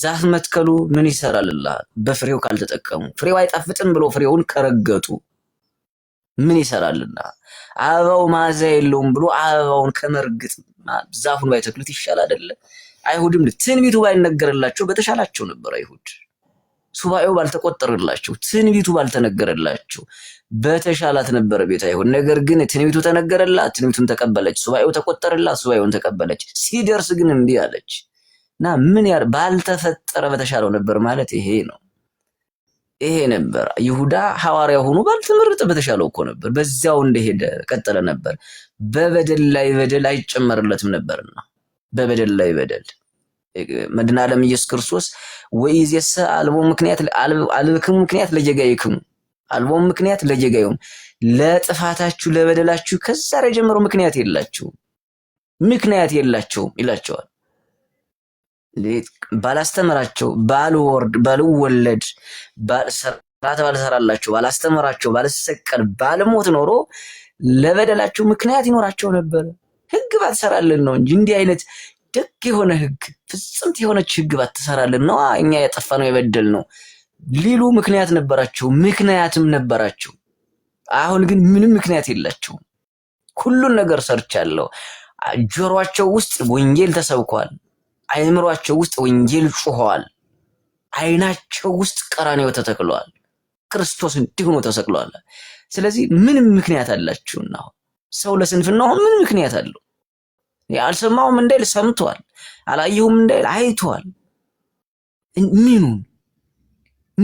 ዛፍ መትከሉ ምን ይሰራልልሃል? በፍሬው ካልተጠቀሙ ፍሬው አይጣፍጥም ብሎ ፍሬውን ከረገጡ ምን ይሰራልልሃል? አበባው ማዛ የለውም ብሎ አበባውን ከመርግጥ ዛፉን ባይተክሉት ይሻል አይደለ? አይሁድም ትንቢቱ ባይነገርላቸው በተሻላቸው ነበር። አይሁድ ሱባኤው ባልተቆጠረላቸው፣ ትንቢቱ ባልተነገረላቸው በተሻላት ነበረ ቤት አይሁድ። ነገር ግን ትንቢቱ ተነገረላት፣ ትንቢቱን ተቀበለች። ሱባኤው ተቆጠረላት፣ ሱባኤውን ተቀበለች። ሲደርስ ግን እምቢ አለች። እና ምን ያ ባልተፈጠረ በተሻለው ነበር ማለት ይሄ ነው። ይሄ ነበር ይሁዳ ሐዋርያ ሆኖ ባልተመረጠ በተሻለው እኮ ነበር። በዚያው እንደሄደ ቀጠለ ነበር። በበደል ላይ በደል አይጨመርለትም ነበርና በበደል ላይ በደል መድኃኔ ዓለም ኢየሱስ ክርስቶስ ወኢዜሰ አልቦ ምክንያት አልልክሙ ምክንያት ለጀጋይክሙ አልቦ ምክንያት ለጀጋዩም ለጥፋታችሁ ለበደላችሁ ከዛሬ ጀምሮ ምክንያት የላችሁም ምክንያት የላቸውም ይላቸዋል። ባላስተምራቸው ባልወርድ ባልወለድ ስራት ባልሰራላቸው ባላስተምራቸው ባልሰቀል ባልሞት ኖሮ ለበደላቸው ምክንያት ይኖራቸው ነበር። ህግ ባትሰራልን ነው እንጂ እንዲህ አይነት ደግ የሆነ ህግ ፍጽምት የሆነች ህግ ባትሰራልን ነው እኛ የጠፋ ነው የበደል ነው ሊሉ ምክንያት ነበራቸው፣ ምክንያትም ነበራቸው። አሁን ግን ምንም ምክንያት የላቸውም። ሁሉን ነገር ሰርቻለሁ። ጆሯቸው ውስጥ ወንጌል ተሰብኳል። አይምሯቸው ውስጥ ወንጌል ጩኸዋል። አይናቸው ውስጥ ቀራንዮ ተተክለዋል። ክርስቶስ እንዲሁ ነው ተሰቅሏል። ስለዚህ ምን ምክንያት አላችሁና? ሰው ለስንፍና አሁን ምን ምክንያት አለው? አልሰማውም እንዳይል ሰምቷል፣ አላየሁም እንዳይል አይቷል። ምኑን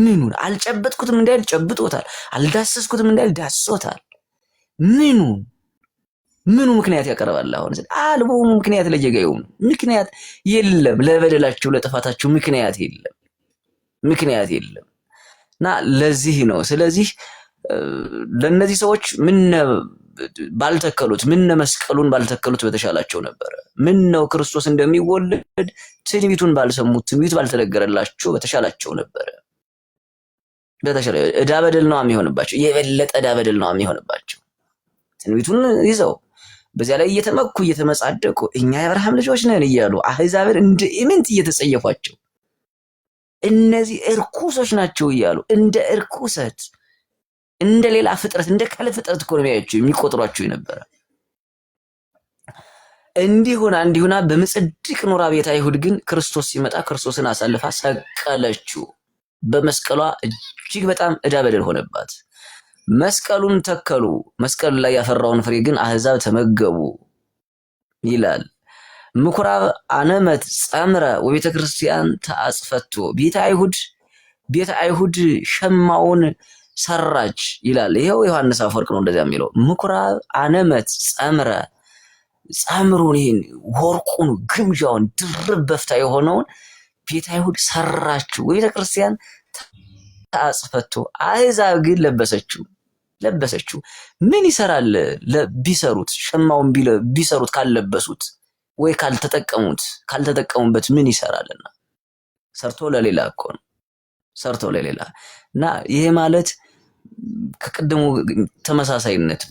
ምኑን አልጨበጥኩትም እንዳይል ጨብጦታል፣ አልዳሰስኩትም እንዳይል ዳሶታል። ምኑን ምኑ ምክንያት ያቀርባል? አሁን አልቦሙ ምክንያት ለጀጋዩም ምክንያት የለም። ለበደላቸው ለጥፋታችሁ ምክንያት የለም፣ ምክንያት የለም እና ለዚህ ነው። ስለዚህ ለእነዚህ ሰዎች ምነ ባልተከሉት ምነ መስቀሉን ባልተከሉት በተሻላቸው ነበረ። ምነው ክርስቶስ እንደሚወለድ ትንቢቱን ባልሰሙት ትንቢት ባልተነገረላቸው በተሻላቸው ነበረ። በተሻለ እዳ በደል ነው የሚሆንባቸው፣ የበለጠ እዳ በደል ነው የሚሆንባቸው ትንቢቱን ይዘው በዚያ ላይ እየተመኩ እየተመጻደቁ እኛ የአብርሃም ልጆች ነን እያሉ አህዛብን እንደ ኢምንት እየተጸየፏቸው እነዚህ እርኩሶች ናቸው እያሉ እንደ እርኩሰት እንደ ሌላ ፍጥረት እንደ ከለ ፍጥረት እኮ የሚቆጥሯቸው የነበረ። እንዲሁና እንዲሁና በምጽድቅ ኑራ ቤት አይሁድ ግን ክርስቶስ ሲመጣ ክርስቶስን አሳልፋ ሰቀለችው። በመስቀሏ እጅግ በጣም እዳ በደል ሆነባት። መስቀሉን ተከሉ፣ መስቀል ላይ ያፈራውን ፍሬ ግን አህዛብ ተመገቡ ይላል። ምኩራብ አነመት ጸምረ ወቤተ ክርስቲያን ተአጽፈቶ ቤተ አይሁድ ቤተ አይሁድ ሸማውን ሰራች ይላል። ይኸው ዮሐንስ አፈወርቅ ነው እንደዚያ የሚለው ምኩራብ አነመት ጸምረ ጸምሩን ይህን ወርቁን ግምጃውን ድርብ በፍታ የሆነውን ቤተ አይሁድ ሰራችው። ወቤተ ክርስቲያን ተአጽፈቶ አህዛብ ግን ለበሰችው። ለበሰችው። ምን ይሰራል ቢሰሩት ሸማውን ቢሰሩት ካልለበሱት ወይ ካልተጠቀሙት ካልተጠቀሙበት ምን ይሰራልና ሰርቶ ለሌላ እኮ ነው ሰርቶ ለሌላ እና ይሄ ማለት ከቅድሙ ተመሳሳይነት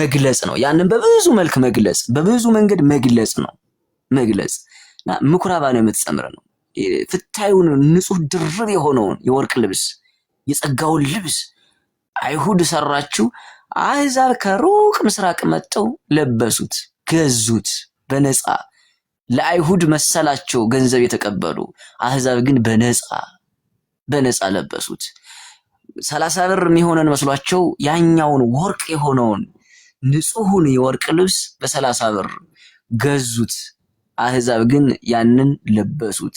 መግለጽ ነው። ያንን በብዙ መልክ መግለጽ በብዙ መንገድ መግለጽ ነው መግለጽ እና ምኩራባን የምትጸምር ነው። ፍታዩን ንጹህ ድርብ የሆነውን የወርቅ ልብስ የጸጋውን ልብስ አይሁድ ሰራችው። አሕዛብ ከሩቅ ምስራቅ መጥተው ለበሱት፣ ገዙት በነፃ ለአይሁድ መሰላቸው ገንዘብ የተቀበሉ አሕዛብ ግን በነፃ በነፃ ለበሱት። ሰላሳ ብር የሚሆነን መስሏቸው ያኛውን ወርቅ የሆነውን ንጹሑን የወርቅ ልብስ በሰላሳ ብር ገዙት። አሕዛብ ግን ያንን ለበሱት።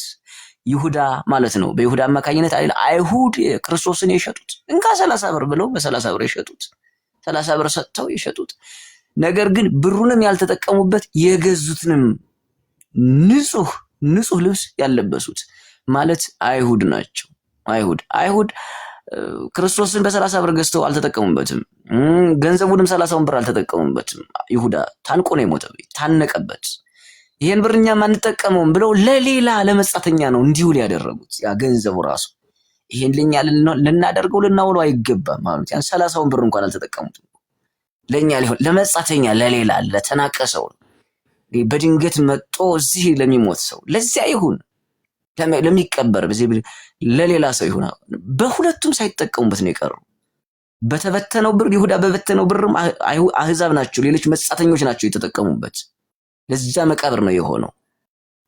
ይሁዳ ማለት ነው። በይሁዳ አማካኝነት አይሁድ ክርስቶስን የሸጡት እንካ ሰላሳ ብር ብለው በሰላሳ ብር የሸጡት ሰላሳ ብር ሰጥተው የሸጡት ነገር ግን ብሩንም ያልተጠቀሙበት የገዙትንም ንጹህ ንጹህ ልብስ ያለበሱት ማለት አይሁድ ናቸው። አይሁድ አይሁድ ክርስቶስን በሰላሳ ብር ገዝተው አልተጠቀሙበትም። ገንዘቡንም ሰላሳውን ብር አልተጠቀሙበትም። ይሁዳ ታንቆ ነው ታነቀበት። ይሄን ብር እኛም አንጠቀመውም ብለው ለሌላ ለመጻተኛ ነው እንዲውል ያደረጉት። ያ ገንዘቡ ራሱ ይሄን ለኛ ልናደርገው ልናውለው አይገባም ማለት ያን ሰላሳውን ብር እንኳን አልተጠቀሙትም። ለኛ ሊሆን ለመጻተኛ፣ ለሌላ ለተናቀ ሰው፣ በድንገት መጦ እዚህ ለሚሞት ሰው ለዚያ ይሁን ለሚቀበር በዚህ ለሌላ ሰው ይሁን። በሁለቱም ሳይጠቀሙበት ነው የቀሩ። በተበተነው ብር ይሁዳ በበተነው ብርም አህዛብ ናቸው፣ ሌሎች መጻተኞች ናቸው የተጠቀሙበት። ለዛ መቃብር ነው የሆነው።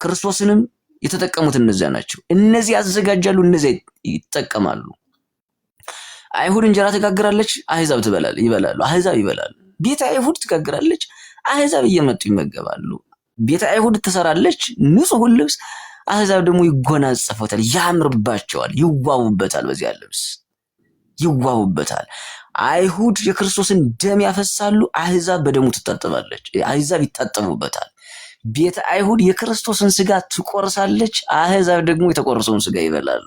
ክርስቶስንም የተጠቀሙት እነዚያ ናቸው። እነዚህ ያዘጋጃሉ፣ እነዚያ ይጠቀማሉ። አይሁድ እንጀራ ትጋግራለች፣ አህዛብ ትበላል ይበላሉ፣ አህዛብ ይበላሉ። ቤተ አይሁድ ትጋግራለች፣ አህዛብ እየመጡ ይመገባሉ። ቤተ አይሁድ ትሰራለች፣ ንጹሑን ልብስ አህዛብ ደግሞ ይጎናጸፉታል፣ ያምርባቸዋል፣ ይዋቡበታል። በዚያ ልብስ ይዋቡበታል። አይሁድ የክርስቶስን ደም ያፈሳሉ፣ አህዛብ በደሙ ትታጠባለች፣ አህዛብ ይታጠቡበታል። ቤተ አይሁድ የክርስቶስን ስጋ ትቆርሳለች፣ አህዛብ ደግሞ የተቆረሰውን ስጋ ይበላሉ።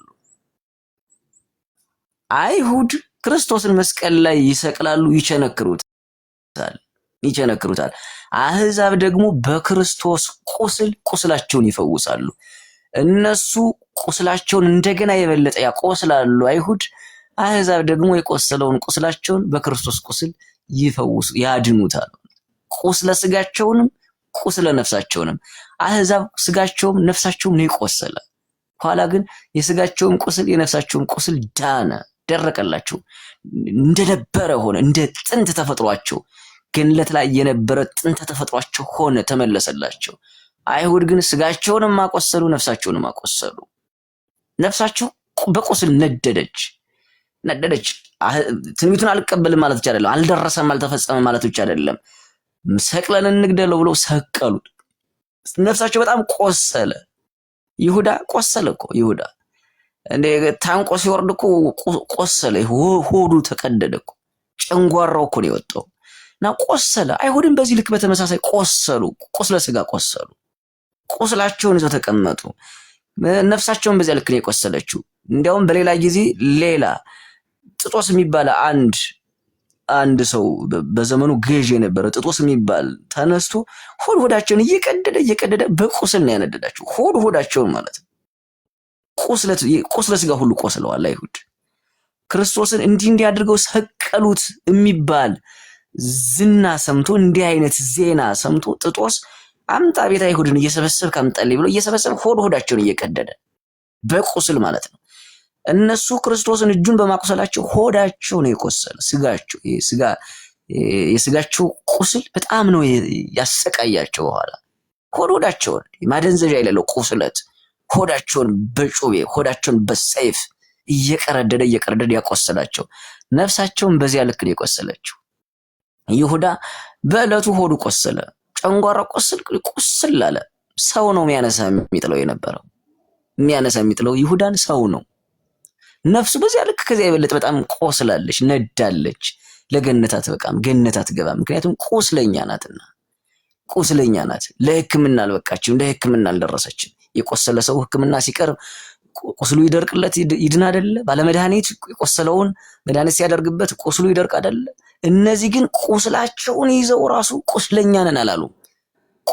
አይሁድ ክርስቶስን መስቀል ላይ ይሰቅላሉ፣ ይቸነክሩታል ይቸነክሩታል። አህዛብ ደግሞ በክርስቶስ ቁስል ቁስላቸውን ይፈውሳሉ። እነሱ ቁስላቸውን እንደገና የበለጠ ያቆስላሉ አይሁድ አሕዛብ ደግሞ የቆሰለውን ቁስላቸውን በክርስቶስ ቁስል ይፈውሱ ያድኑታል። ቁስለ ስጋቸውንም ቁስለ ነፍሳቸውንም አሕዛብ ስጋቸውም ነፍሳቸውም ነው የቆሰለ። ኋላ ግን የስጋቸውን ቁስል የነፍሳቸውን ቁስል ዳነ፣ ደረቀላቸው፣ እንደነበረ ሆነ። እንደ ጥንት ተፈጥሯቸው ገነት ላይ የነበረ ጥንት ተፈጥሯቸው ሆነ፣ ተመለሰላቸው። አይሁድ ግን ስጋቸውንም አቆሰሉ፣ ነፍሳቸውንም አቆሰሉ። ነፍሳቸው በቁስል ነደደች። ነደደች። ትንቢቱን አልቀበልም ማለት ብቻ አይደለም፣ አልደረሰም አልተፈጸመም ማለት ብቻ አይደለም። ሰቅለን እንግደለው ብለው ሰቀሉት። ነፍሳቸው በጣም ቆሰለ። ይሁዳ ቆሰለ እኮ ይሁዳ እንደ ታንቆ ሲወርድ እኮ ቆሰለ። ሆዱ ተቀደደ እኮ ጨንጓራው እኮ ነው የወጣው እና ቆሰለ። አይሁድም በዚህ ልክ በተመሳሳይ ቆሰሉ፣ ቁስለ ስጋ ቆሰሉ። ቁስላቸውን ይዘው ተቀመጡ። ነፍሳቸውን በዚያ ልክ ነው የቆሰለችው። እንዲያውም በሌላ ጊዜ ሌላ ጥጦስ የሚባል አንድ አንድ ሰው በዘመኑ ገዥ የነበረ ጥጦስ የሚባል ተነስቶ ሆድ ሆዳቸውን እየቀደደ እየቀደደ በቁስል ነው ያነደዳቸው። ሆድ ሆዳቸውን ማለት ነው። ቁስለ ስጋ ሁሉ ቆስለዋል አይሁድ። ክርስቶስን እንዲህ እንዲህ አድርገው ሰቀሉት የሚባል ዝና ሰምቶ እንዲህ አይነት ዜና ሰምቶ ጥጦስ አምጣ ቤት አይሁድን እየሰበሰብ ከምጠል ብሎ እየሰበሰብ ሆድ ሆዳቸውን እየቀደደ በቁስል ማለት ነው። እነሱ ክርስቶስን እጁን በማቁሰላቸው ሆዳቸው ነው የቆሰለ። ስጋቸው ስጋ የስጋቸው ቁስል በጣም ነው ያሰቃያቸው። በኋላ ሆድ ሆዳቸውን ማደንዘዣ የሌለው ቁስለት ሆዳቸውን በጩቤ ሆዳቸውን በሰይፍ እየቀረደደ እየቀረደደ ያቆሰላቸው። ነፍሳቸውን በዚያ ልክ ነው የቆሰለችው። ይሁዳ በዕለቱ ሆዱ ቆሰለ፣ ጨንጓራ ቁስል ቁስል አለ። ሰው ነው የሚያነሳ የሚጥለው የነበረው የሚያነሳ የሚጥለው ይሁዳን ሰው ነው ነፍሱ በዚያ ልክ ከዚያ የበለጠ በጣም ቆስላለች፣ ነዳለች። ለገነት አትበቃም፣ ገነት አትገባም። ምክንያቱም ቁስለኛ ናትና ቁስለኛ ናት። ለሕክምና አልበቃችም፣ ለሕክምና አልደረሰችም። የቆሰለ ሰው ሕክምና ሲቀርብ ቁስሉ ይደርቅለት ይድን አደለ? ባለመድኃኒት የቆሰለውን መድኃኒት ሲያደርግበት ቁስሉ ይደርቅ አደለ? እነዚህ ግን ቁስላቸውን ይዘው ራሱ ቁስለኛ ነን አላሉ።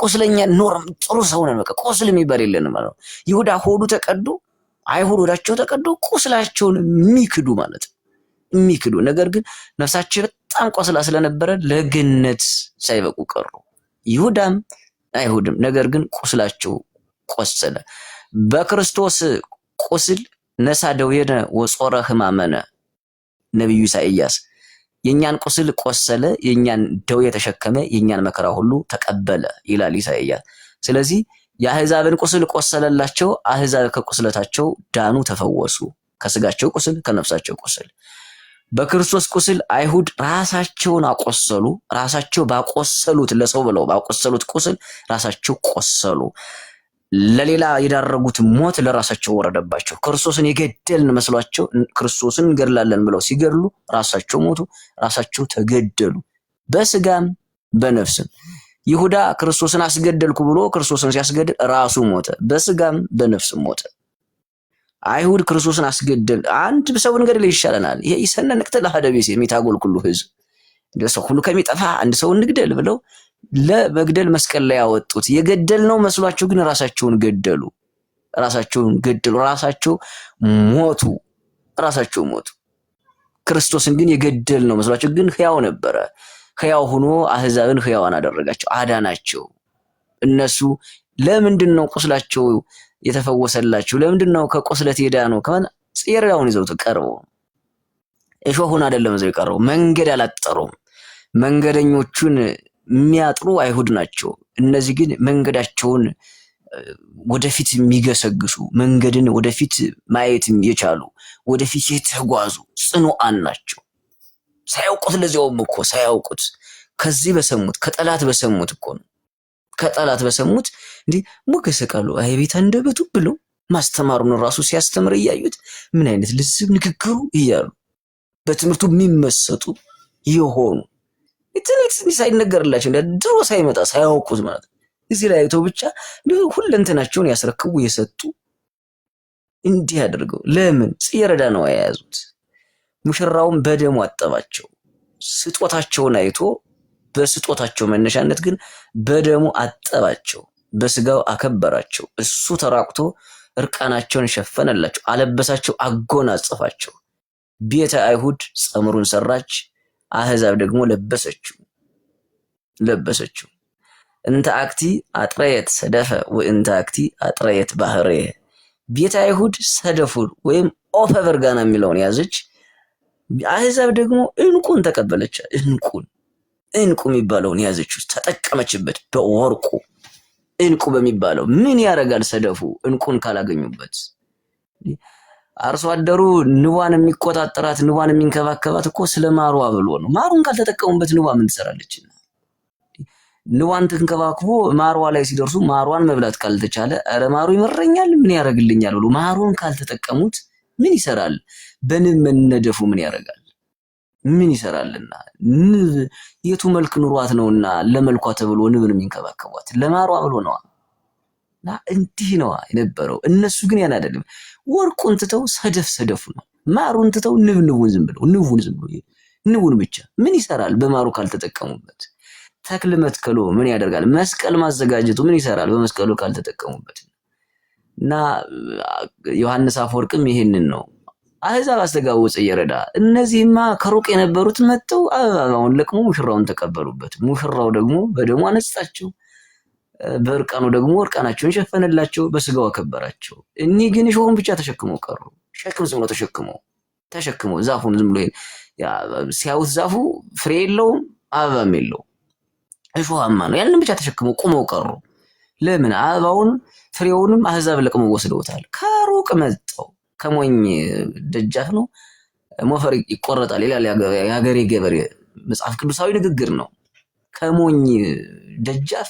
ቁስለኛ ኖርም ጥሩ ሰው ነን በቃ ቁስል የሚባል የለንም። ይሁዳ ሆዱ ተቀዶ አይሁድ ወዳቸው ተቀዶ ቁስላቸውን የሚክዱ ማለት ነው የሚክዱ ነገር ግን ነፍሳቸው በጣም ቆስላ ስለነበረ ለገነት ሳይበቁ ቀሩ። ይሁዳም አይሁድም ነገር ግን ቁስላቸው ቆሰለ። በክርስቶስ ቁስል ነሳ ደዌነ ወጾረ ህማመነ ነቢዩ ኢሳይያስ የእኛን ቁስል ቆሰለ፣ የእኛን ደዌ የተሸከመ፣ የእኛን መከራ ሁሉ ተቀበለ ይላል ኢሳይያስ። ስለዚህ የአህዛብን ቁስል ቆሰለላቸው። አህዛብ ከቁስለታቸው ዳኑ፣ ተፈወሱ። ከስጋቸው ቁስል፣ ከነፍሳቸው ቁስል በክርስቶስ ቁስል አይሁድ ራሳቸውን አቆሰሉ። ራሳቸው ባቆሰሉት ለሰው ብለው ባቆሰሉት ቁስል ራሳቸው ቆሰሉ። ለሌላ የዳረጉት ሞት ለራሳቸው ወረደባቸው። ክርስቶስን የገደልን መስሏቸው ክርስቶስን እንገድላለን ብለው ሲገድሉ ራሳቸው ሞቱ፣ ራሳቸው ተገደሉ በስጋም በነፍስም። ይሁዳ ክርስቶስን አስገደልኩ ብሎ ክርስቶስን ሲያስገድል ራሱ ሞተ፣ በስጋም በነፍስም ሞተ። አይሁድ ክርስቶስን አስገደል አንድ ሰውን ገድል ይሻለናል፣ ይሄ ይሰነ ንቅትል አሐደ የሚታጎል ሁሉ ህዝብ ሰው ሁሉ ከሚጠፋ አንድ ሰው እንግደል ብለው ለመግደል መስቀል ላይ ያወጡት የገደል ነው መስሏቸው፣ ግን ራሳቸውን ገደሉ። ራሳቸውን ገደሉ። ራሳቸው ሞቱ። ራሳቸው ሞቱ። ክርስቶስን ግን የገደል ነው መስሏቸው፣ ግን ሕያው ነበረ። ህያው ሆኖ አህዛብን ህያዋን አደረጋቸው፣ አዳናቸው። እነሱ ለምንድን ነው ቁስላቸው የተፈወሰላቸው? ለምንድን ነው ከቁስለት ሄዳ ነው ከማን ጽራውን ይዘው ቀርበው እሾሁን አይደለም ይዘው የቀረው መንገድ አላጠሩም። መንገደኞቹን የሚያጥሩ አይሁድ ናቸው። እነዚህ ግን መንገዳቸውን ወደፊት የሚገሰግሱ መንገድን ወደፊት ማየት የቻሉ ወደፊት የተጓዙ ጽኑአን ናቸው። ሳያውቁት ለዚያውም እኮ ሳያውቁት ከዚህ በሰሙት ከጠላት በሰሙት እኮ ነው ከጠላት በሰሙት እንዲህ ሞገሰ ቃሉ አቤት አንደበቱ ብሎ ማስተማሩን ራሱ ሲያስተምር እያዩት ምን አይነት ልስብ ንግግሩ እያሉ በትምህርቱ የሚመሰጡ የሆኑ ትንት ሳይነገርላቸው ድሮ ሳይመጣ ሳያውቁት ማለት ነው። እዚህ ላይ አይተው ብቻ ሁለንተናቸውን ያስረክቡ የሰጡ እንዲህ አድርገው ለምን ጽየረዳ ነው የያዙት? ሙሽራውን በደሙ አጠባቸው። ስጦታቸውን አይቶ በስጦታቸው መነሻነት ግን በደሙ አጠባቸው፣ በስጋው አከበራቸው። እሱ ተራቁቶ እርቃናቸውን ሸፈነላቸው፣ አለበሳቸው፣ አጎናጸፋቸው። ቤተ አይሁድ ጸምሩን ሰራች፣ አህዛብ ደግሞ ለበሰችው ለበሰችው። እንተ አክቲ አጥረየት ሰደፈ ወእንተ አክቲ አጥረየት ባህሬ ቤተ አይሁድ ሰደፉን ወይም ኦፈ በርጋና የሚለውን ያዘች። አህዛብ ደግሞ እንቁን ተቀበለች። እንቁን እንቁ የሚባለውን ያዘችው ተጠቀመችበት። በወርቁ እንቁ በሚባለው ምን ያደርጋል ሰደፉ እንቁን ካላገኙበት። አርሶ አደሩ ንቧን የሚቆጣጠራት ንቧን የሚንከባከባት እኮ ስለ ማሯ ብሎ ነው። ማሩን ካልተጠቀሙበት ንቧ ምን ትሰራለች? ንቧን ትንከባክቦ ማሯ ላይ ሲደርሱ ማሯን መብላት ካልተቻለ ኧረ ማሩ ይመረኛል ምን ያደርግልኛል ብሎ ማሩን ካልተጠቀሙት ምን ይሰራል? በንብ መነደፉ ምን ያደርጋል? ምን ይሰራልና? ንብ የቱ መልክ ኑሯት ነውና ለመልኳ ተብሎ ንብን የሚንከባከቧት ለማሯ ብሎ ነዋ። እና እንዲህ ነዋ የነበረው። እነሱ ግን ያን አይደለም። ወርቁን ትተው ሰደፍ ሰደፉ ነው። ማሩን ትተው ንብ ንቡን ዝም ብለው ንቡን ዝም ብለው ንቡን ብቻ ምን ይሰራል? በማሩ ካልተጠቀሙበት ተክል መትከሎ ምን ያደርጋል? መስቀል ማዘጋጀቱ ምን ይሰራል? በመስቀሉ ካልተጠቀሙበት እና ዮሐንስ አፈወርቅም ይሄንን ነው አህዛብ አስተጋወፀ እየረዳ እነዚህማ ከሩቅ የነበሩት መጥተው አበባውን ለቅሞ ሙሽራውን ተቀበሉበት። ሙሽራው ደግሞ በደሙ አነጻቸው፣ በእርቃኑ ደግሞ እርቃናቸውን ሸፈነላቸው፣ በስጋው አከበራቸው። እኒህ ግን እሾሁን ብቻ ተሸክመው ቀሩ። ሸክም ዝም ብሎ ተሸክሞ ዛፉን ዝም ብሎ ሲያዩት ዛፉ ፍሬ የለውም አበባም የለው እሾሃማ ነው። ያንን ብቻ ተሸክመው ቁመው ቀሩ። ለምን አበባውን ፍሬውንም አህዛብ ለቅሞ ወስደውታል። ከሩቅ መጠው ከሞኝ ደጃፍ ነው ሞፈር ይቆረጣል ይላል የሀገሬ ገበሬ። መጽሐፍ ቅዱሳዊ ንግግር ነው። ከሞኝ ደጃፍ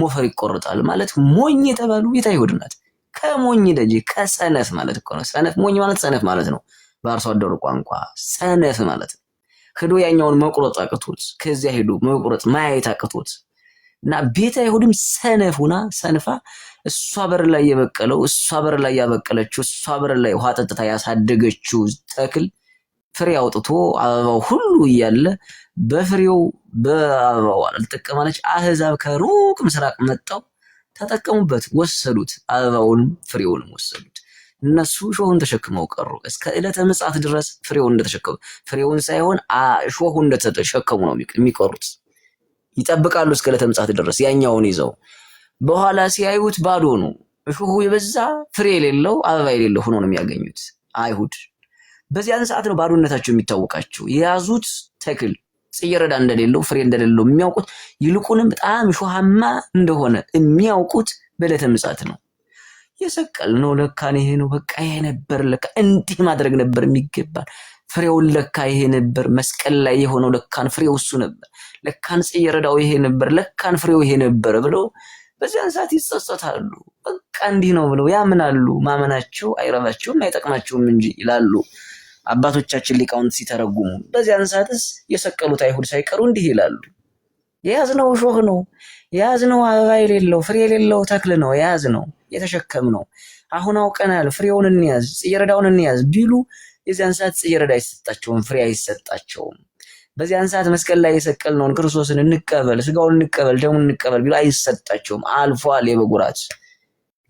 ሞፈር ይቆረጣል ማለት ሞኝ የተባሉ ቤተ አይሁድ ናት። ከሞኝ ደጅ ከሰነፍ ማለት እኮ ነው። ሰነፍ ሞኝ ማለት ሰነፍ ማለት ነው። በአርሶ አደሩ ቋንቋ ሰነፍ ማለት ነው። ሄዶ ያኛውን መቁረጥ አቅቶት ከዚያ ሄዶ መቁረጥ ማየት አቅቶት እና ቤተ አይሁድም ሰነፍ ሁና ሰንፋ እሷ በር ላይ የበቀለው እሷ በር ላይ ያበቀለችው እሷ በር ላይ ውሃ ጠጥታ ያሳደገችው ተክል ፍሬ አውጥቶ አበባው ሁሉ እያለ በፍሬው በአበባው አልጠቀማለች። አህዛብ ከሩቅ ምስራቅ መጣው ተጠቀሙበት፣ ወሰዱት። አበባውንም ፍሬውንም ወሰዱት። እነሱ እሾሁን ተሸክመው ቀሩ። እስከ ዕለተ ምጽአት ድረስ ፍሬውን እንደተሸከሙ ፍሬውን ሳይሆን እሾሁ እንደተሸከሙ ነው የሚቀሩት። ይጠብቃሉ እስከ ለተምጻት ድረስ ያኛውን ይዘው በኋላ ሲያዩት ባዶ ነው። እሾሁ የበዛ ፍሬ የሌለው አበባ የሌለው ሆኖ ነው የሚያገኙት አይሁድ። በዚያን ሰዓት ነው ባዶነታቸው የሚታወቃቸው። የያዙት ተክል ጽየረዳ እንደሌለው ፍሬ እንደሌለው የሚያውቁት ይልቁንም በጣም እሾሃማ እንደሆነ የሚያውቁት በዕለተ ምጽአት ነው። የሰቀል ነው ለካን ይሄ ነው በቃ ይሄ ነበር ለካ እንዲህ ማድረግ ነበር የሚገባል ፍሬውን ለካ ይሄ ነበር መስቀል ላይ የሆነው ለካን ፍሬው እሱ ነበር ለካን ጽየረዳው ይሄ ነበር፣ ለካን ፍሬው ይሄ ነበር ብለው በዚያን ሰዓት ይጸጸታሉ። በቃ እንዲህ ነው ብለው ያምናሉ። ማመናቸው አይረባቸውም አይጠቅማቸውም እንጂ ይላሉ አባቶቻችን ሊቃውንት ሲተረጉሙ። በዚያን ሰዓትስ የሰቀሉት አይሁድ ሳይቀሩ እንዲህ ይላሉ። የያዝነው እሾህ ነው፣ የያዝነው አበባ የሌለው ፍሬ የሌለው ተክል ነው የያዝነው ነው አሁን አውቀናል፣ ፍሬውን እንያዝ፣ ጽየረዳውን እንያዝ ቢሉ የዚያን ሰዓት ጽየረዳ አይሰጣቸውም፣ ፍሬ አይሰጣቸውም። በዚያን ሰዓት መስቀል ላይ የሰቀልነውን ክርስቶስን እንቀበል፣ ስጋውን እንቀበል፣ ደሙን እንቀበል ቢሉ አይሰጣቸውም። አልፏል። የበጉራት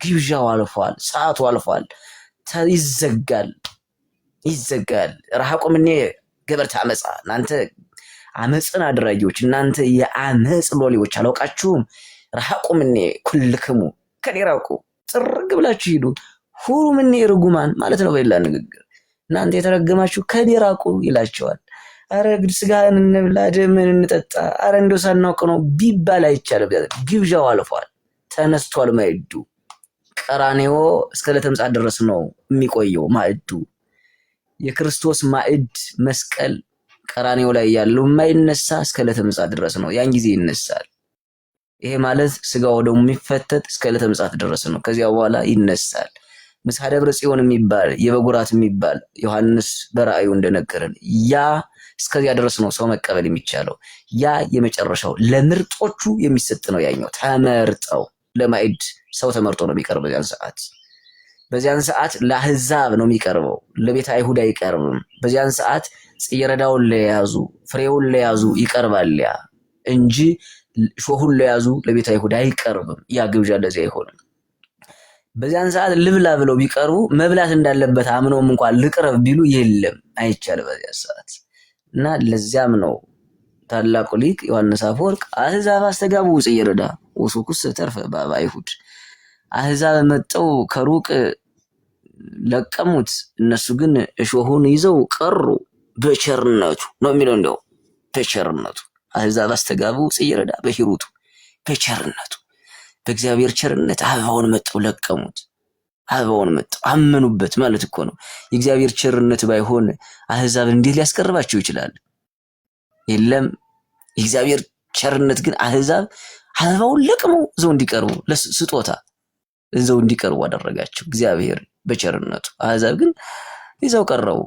ግብዣው አልፏል። ሰዓቱ አልፏል። ይዘጋል፣ ይዘጋል። ረሃቁም እኔ ገበርተ አመፃ፣ እናንተ አመፅን አድራጊዎች፣ እናንተ የአመፅ ሎሌዎች አላውቃችሁም። ረሃቁ እኔ ኩልክሙ፣ ከኔ ራቁ፣ ጥርግ ብላችሁ ሂዱ። ሁሉ እኔ ርጉማን ማለት ነው። በሌላ ንግግር እናንተ የተረገማችሁ ከኔ ራቁ ይላቸዋል። አረ ግድ ስጋን እንብላ፣ ደምን እንጠጣ፣ አረ እንደው ሳናውቅ ነው ቢባል አይቻልም። ግብዣው አልፏል፣ ተነስቷል ማዕዱ። ቀራኔዎ እስከ ዕለተ ምጽአት ድረስ ነው የሚቆየው ማዕዱ። የክርስቶስ ማዕድ መስቀል ቀራኔው ላይ ያለው የማይነሳ እስከ ዕለተ ምጽአት ድረስ ነው። ያን ጊዜ ይነሳል። ይሄ ማለት ስጋው ደግሞ የሚፈተት እስከ ዕለተ ምጽአት ድረስ ነው። ከዚያ በኋላ ይነሳል። ምሳ ደብረ ጽዮን የሚባል የበጉራት የሚባል ዮሐንስ በራእዩ እንደነገረን ያ እስከዚያ ድረስ ነው ሰው መቀበል የሚቻለው። ያ የመጨረሻው ለምርጦቹ የሚሰጥ ነው። ያኛው ተመርጠው ለማዕድ ሰው ተመርጦ ነው የሚቀርበው በዚያን ሰዓት በዚያን ሰዓት ለአህዛብ ነው የሚቀርበው፣ ለቤተ አይሁድ አይቀርብም። በዚያን ሰዓት ጽየረዳውን ለያዙ ፍሬውን ለያዙ ይቀርባል ያ እንጂ ሾሁን ለያዙ ለቤተ አይሁድ አይቀርብም። ያ ግብዣ እንደዚህ አይሆንም። በዚያን ሰዓት ልብላ ብለው ቢቀርቡ መብላት እንዳለበት አምነውም እንኳን ልቅረብ ቢሉ የለም፣ አይቻልም በዚያን ሰዓት እና ለዚያም ነው ታላቁ ሊቅ ዮሐንስ አፈወርቅ አህዛብ አስተጋቡ ጽጌረዳ ወሶኩስ ተርፈ በአይሁድ አህዛብ መጠው ከሩቅ ለቀሙት፣ እነሱ ግን እሾሁን ይዘው ቀሩ በቸርነቱ ነው የሚለው። እንደው በቸርነቱ አህዛብ አስተጋቡ እየረዳ በሂሩቱ በቸርነቱ በእግዚአብሔር ቸርነት አበባውን መጠው ለቀሙት። አበባውን መጡ አመኑበት ማለት እኮ ነው። የእግዚአብሔር ቸርነት ባይሆን አህዛብ እንዴት ሊያስቀርባቸው ይችላል? የለም የእግዚአብሔር ቸርነት ግን አህዛብ አበባውን ለቅመው እዛው እንዲቀርቡ ስጦታ እዛው እንዲቀርቡ አደረጋቸው እግዚአብሔር በቸርነቱ። አህዛብ ግን ይዛው ቀረቡ።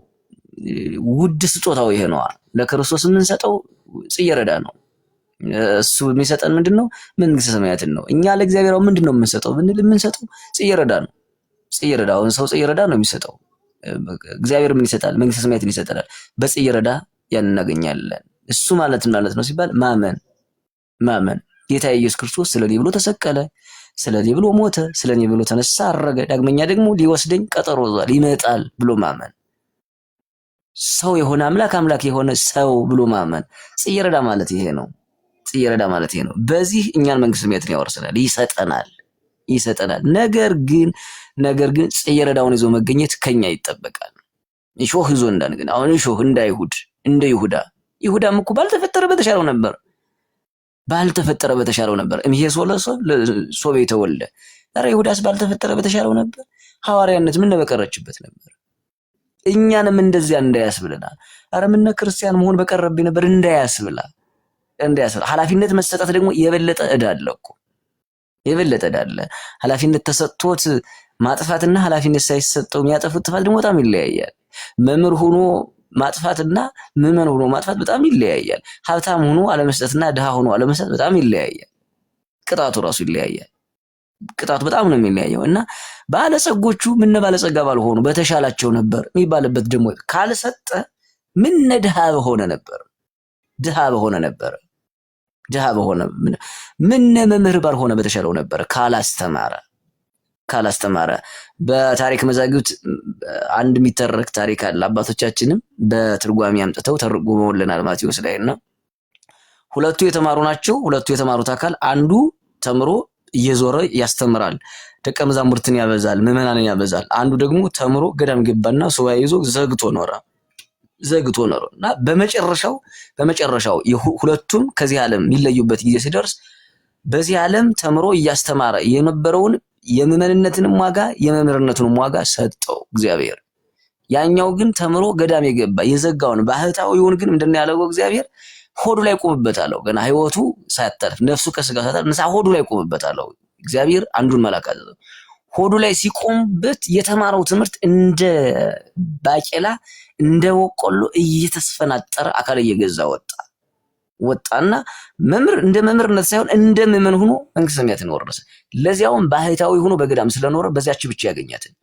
ውድ ስጦታው ይሄ ነዋ። ለክርስቶስ የምንሰጠው ጽየረዳ ነው። እሱ የሚሰጠን ምንድን ነው? መንግስተ ሰማያትን ነው። እኛ ለእግዚአብሔር ምንድን ነው የምንሰጠው ብንል የምንሰጠው ጽየረዳ ነው። ጽይረዳ አሁን ሰው ጽጌረዳ ነው የሚሰጠው። እግዚአብሔር ምን ይሰጣል? መንግስተ ሰማያትን ይሰጠናል። በጽጌረዳ ያን እናገኛለን። እሱ ማለት ማለት ነው ሲባል ማመን ማመን ጌታ ኢየሱስ ክርስቶስ ስለ ብሎ ተሰቀለ፣ ስለ ብሎ ሞተ፣ ስለ ብሎ ተነሳ፣ አረገ፣ ዳግመኛ ደግሞ ሊወስደኝ ቀጠሮ ይዟል ይመጣል ብሎ ማመን ሰው የሆነ አምላክ አምላክ የሆነ ሰው ብሎ ማመን ጽጌረዳ ማለት ይሄ ነው። ጽጌረዳ ማለት ይሄ ነው። በዚህ እኛን መንግስት ሰማያትን ያወርሰናል፣ ይሰጠናል ይሰጠናል። ነገር ግን ነገር ግን ጽየረዳውን ይዞ መገኘት ከኛ ይጠበቃል። እሾህ ይዞ እንዳን ግን አሁን እሾህ እንዳይሁድ እንደ ይሁዳ ይሁዳም እኮ ባልተፈጠረ በተሻለው ነበር ባልተፈጠረ በተሻለው ነበር። እምሄ ሶለሶ ሶቤ ተወልደ ኧረ ይሁዳስ ባልተፈጠረ በተሻለው ነበር። ሐዋርያነት ምን በቀረችበት ነበር። እኛንም እንደዚያ እንዳያስብልናል። ኧረ ምነ ክርስቲያን መሆን በቀረብኝ ነበር እንዳያስብላ እንዳያስብል ኃላፊነት መሰጠት ደግሞ የበለጠ እዳ አለ እኮ የበለጠ እዳ አለ ኃላፊነት ተሰጥቶት ማጥፋትና ኃላፊነት ሳይሰጠው የሚያጠፉት ጥፋት ደግሞ በጣም ይለያያል። መምህር ሆኖ ማጥፋትና ምዕመን ሆኖ ማጥፋት በጣም ይለያያል። ሀብታም ሆኖ አለመስጠትና ድሃ ሆኖ አለመስጠት በጣም ይለያያል። ቅጣቱ ራሱ ይለያያል። ቅጣቱ በጣም ነው የሚለያየው እና ባለጸጎቹ ምነ ባለጸጋ ባልሆኑ በተሻላቸው ነበር የሚባልበት ደግሞ ካልሰጠ ምነ ድሃ በሆነ ነበር ድሃ በሆነ ነበር ድሃ በሆነ ምነ መምህር ባልሆነ በተሻለው ነበር ካላስተማረ ካላስተማረ በታሪክ መዛግብት አንድ የሚተረክ ታሪክ አለ። አባቶቻችንም በትርጓሚ አምጥተው ተርጉመውልናል ማቴዎስ ላይ እና ሁለቱ የተማሩ ናቸው። ሁለቱ የተማሩት አካል አንዱ ተምሮ እየዞረ ያስተምራል፣ ደቀ መዛሙርትን ያበዛል፣ ምዕመናንን ያበዛል። አንዱ ደግሞ ተምሮ ገዳም ገባና ሱባኤ ይዞ ዘግቶ ኖረ ዘግቶ ኖረ እና በመጨረሻው በመጨረሻው ሁለቱም ከዚህ ዓለም የሚለዩበት ጊዜ ሲደርስ በዚህ ዓለም ተምሮ እያስተማረ የነበረውን የምዕመንነትንም ዋጋ የመምህርነቱንም ዋጋ ሰጠው እግዚአብሔር። ያኛው ግን ተምሮ ገዳም የገባ የዘጋውን ባህታዊውን ግን ምንድን ያለው እግዚአብሔር ሆዱ ላይ ቆምበት አለው። ገና ህይወቱ ሳያተርፍ ነፍሱ ከስጋ ሳታርፍ ንሳ ሆዱ ላይ ቆምበት አለው እግዚአብሔር። አንዱን መልአክ አዘዘ። ሆዱ ላይ ሲቆምበት የተማረው ትምህርት እንደ ባቄላ እንደ በቆሎ እየተስፈናጠረ አካል እየገዛ ወጣ ወጣና መምህር እንደ መምህርነት ሳይሆን እንደ ምዕመን ሆኖ መንግስተ ሰማያትን ወረሰ። ለዚያውም ባህታዊ ሆኖ በገዳም ስለኖረ በዚያች ብቻ ያገኛትን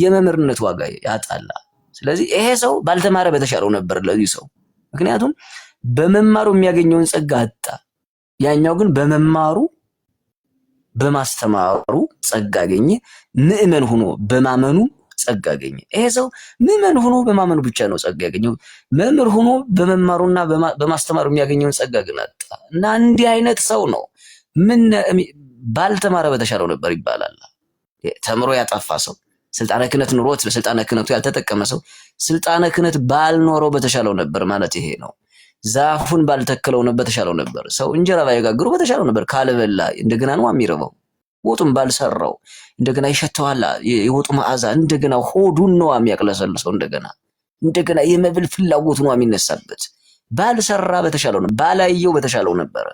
የመምህርነት ዋጋ ያጣላ። ስለዚህ ይሄ ሰው ባልተማረ በተሻለው ነበር ለዚህ ሰው፣ ምክንያቱም በመማሩ የሚያገኘውን ጸጋ አጣ። ያኛው ግን በመማሩ በማስተማሩ ጸጋ አገኘ። ምእመን ሆኖ በማመኑ ጸጋ አገኘ። ይሄ ሰው ምእመን ሆኖ በማመኑ ብቻ ነው ጸጋ ያገኘው። መምህር ሆኖ በመማሩና በማስተማሩ የሚያገኘውን ጸጋ ግን አጣ እና እንዲህ አይነት ሰው ነው ምን ባልተማረ በተሻለው ነበር ይባላል። ተምሮ ያጠፋ ሰው ስልጣነ ክህነት ኑሮት በስልጣነ ክህነቱ ያልተጠቀመ ሰው ስልጣነ ክህነት ባልኖረው በተሻለው ነበር ማለት ይሄ ነው። ዛፉን ባልተከለው ነበር በተሻለው ነበር። ሰው እንጀራ ባይጋግሩ በተሻለው ነበር። ካልበላ እንደገና ነው የሚርበው። ወጡን ባልሰራው እንደገና ይሸተዋል። የወጡ መዓዛ እንደገና ሆዱን ነው የሚያቅለሰልሰው። እንደገና እንደገና የመብል ፍላጎቱ ነው የሚነሳበት። ባልሰራ በተሻለው ነበር፣ ባላየው በተሻለው ነበረ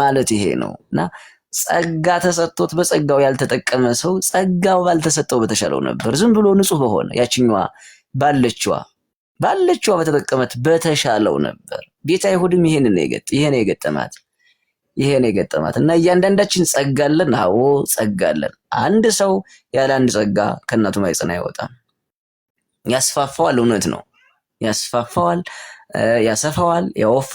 ማለት ይሄ ነው እና ጸጋ ተሰጥቶት በጸጋው ያልተጠቀመ ሰው ጸጋው ባልተሰጠው በተሻለው ነበር። ዝም ብሎ ንጹህ በሆነ ያችኛዋ ባለችዋ ባለችዋ በተጠቀመት በተሻለው ነበር። ቤተ አይሁድም ይሄን ነው የገጠማት ይሄን የገጠማት እና እያንዳንዳችን ጸጋለን። አለን። አዎ አንድ ሰው ያለ አንድ ጸጋ ከእናቱ ማይፀን አይወጣም። ያስፋፋዋል፣ እውነት ነው። ያስፋፋዋል፣ ያሰፋዋል፣ ያወፋል።